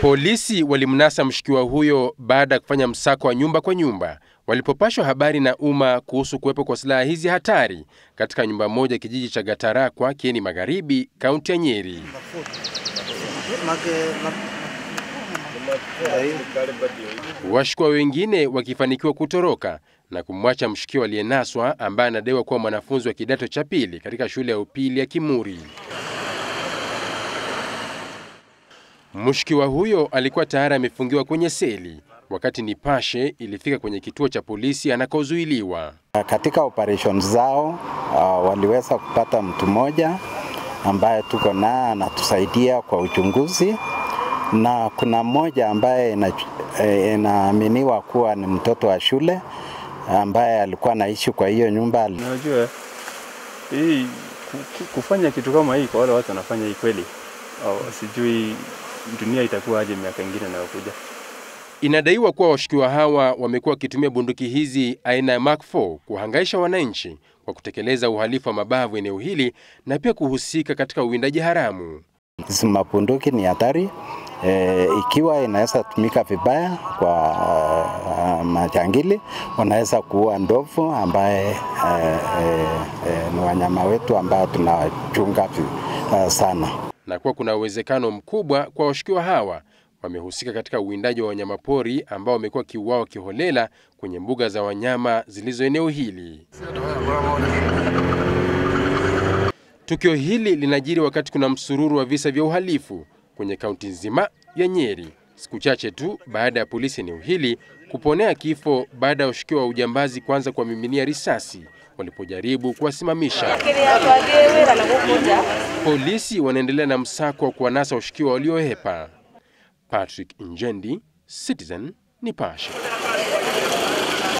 Polisi walimnasa mshukiwa huyo baada ya kufanya msako wa nyumba kwa nyumba walipopashwa habari na umma kuhusu kuwepo kwa silaha hizi hatari katika nyumba moja kijiji cha Gatarakwa, Kieni Magharibi, kaunti ya Nyeri. Washukiwa wengine wakifanikiwa kutoroka na kumwacha mshukiwa aliyenaswa ambaye anadaiwa kuwa mwanafunzi wa kidato cha pili katika shule ya upili ya Kimuri. Mshukiwa huyo alikuwa tayari amefungiwa kwenye seli wakati Nipashe ilifika kwenye kituo cha polisi anakozuiliwa. Katika operation zao uh, waliweza kupata mtu mmoja ambaye tuko naye anatusaidia kwa uchunguzi, na kuna mmoja ambaye e, inaaminiwa ina kuwa ni mtoto wa shule ambaye alikuwa anaishi kwa hiyo nyumba. Unajua hii kufanya kitu kama hii kwa wale watu wanafanya hii kweli, sijui dunia itakuwa aje miaka ingine inayokuja. Inadaiwa kuwa washukiwa hawa wamekuwa wakitumia bunduki hizi aina ya Mark 4 kuhangaisha wananchi kwa kutekeleza uhalifu wa mabavu eneo hili na pia kuhusika katika uwindaji haramu. Mabunduki ni hatari e, ikiwa inaweza tumika vibaya kwa uh, majangili, wanaweza kuua ndovu ambaye uh, uh, uh, ni wanyama wetu ambao tunawachunga uh, sana na kuwa kuna uwezekano mkubwa kwa washukiwa hawa wamehusika katika uwindaji wa wanyamapori ambao wamekuwa kiuao kiholela kwenye mbuga za wanyama zilizo eneo hili. Tukio hili linajiri wakati kuna msururu wa visa vya uhalifu kwenye kaunti nzima ya Nyeri, siku chache tu baada ya polisi eneo hili kuponea kifo baada ya washukiwa wa ujambazi kuanza kuwamiminia risasi walipojaribu kuwasimamisha. Polisi wanaendelea na msako wa kuwanasa washukiwa waliohepa. Patrick Njendi, Citizen Nipashe.